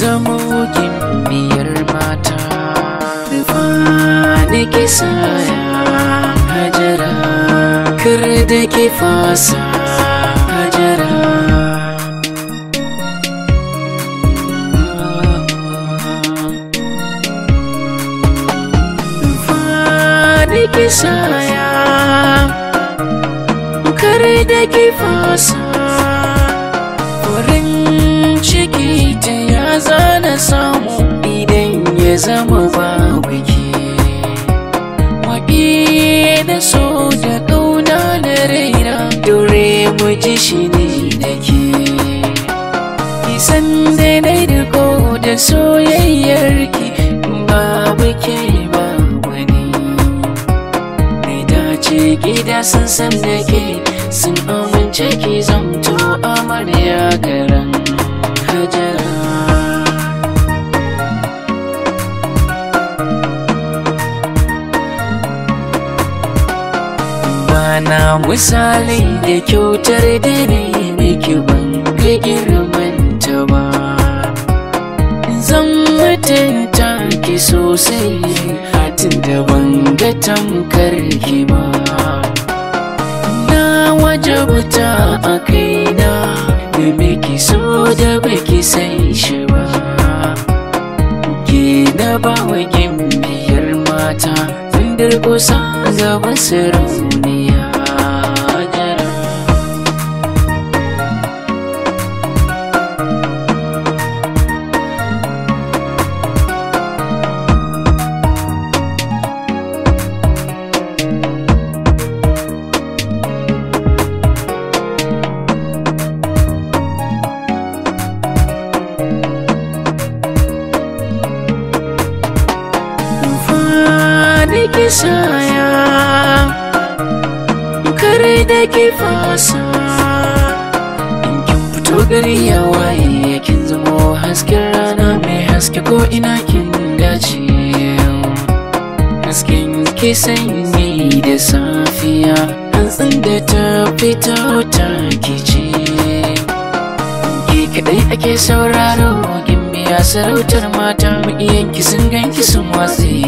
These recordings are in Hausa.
zama wogin biyar mata faɗi kisa ya hajara kar da ke fasa hajara faɗi kisa ya har da kifinsa farin ciki ta ya zana samu idan ya zama ba wiki waƙi da so da ƙauna da raina dore mu ji shi ne da ke isan da na da soyayyar ki babu ke ba wani mai dace gida san san da ke sun amince ki zamto amarya garin hajara bana misali da kyautar da ne miki ban ga girmanta ba zan mutunta ki sosai hatin da ban ga tamkar ki ba jabuta a kaina da miki so da miki sai shi ba ke na ba wa gimbiyar mata kusa ga gaban rauni saya kare da ke fasa in kin fito gari ya waye kin zamo hasken rana mai haske ko ina kin dace hasken ke sanyi da safiya hantsin da ta fita ta kice ke kadai ake sauraro gimbiya sarautar mata mu iyanki sun ganki sun watsi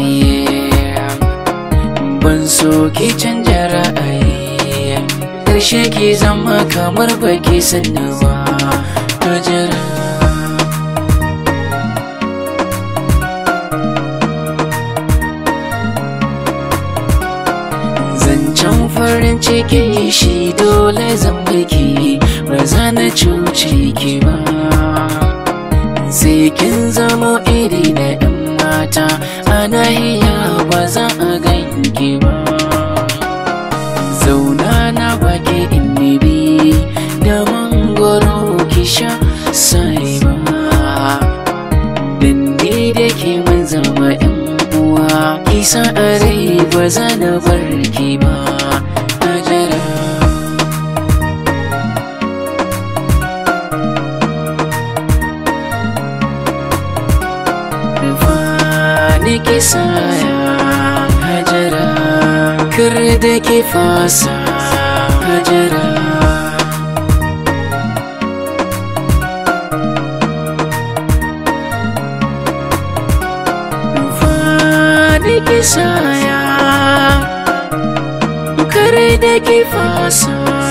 ban so ki canja ra'ayi karshe ki zama kamar baki sanna ba ta jira zancen farin ciki shi dole zan baki ba za na cuce ki ba sai kin zama iri na nisa a rai ba zana farki ba kisa ya hajara kar da ke fasa hajara da ki kare da ki fasa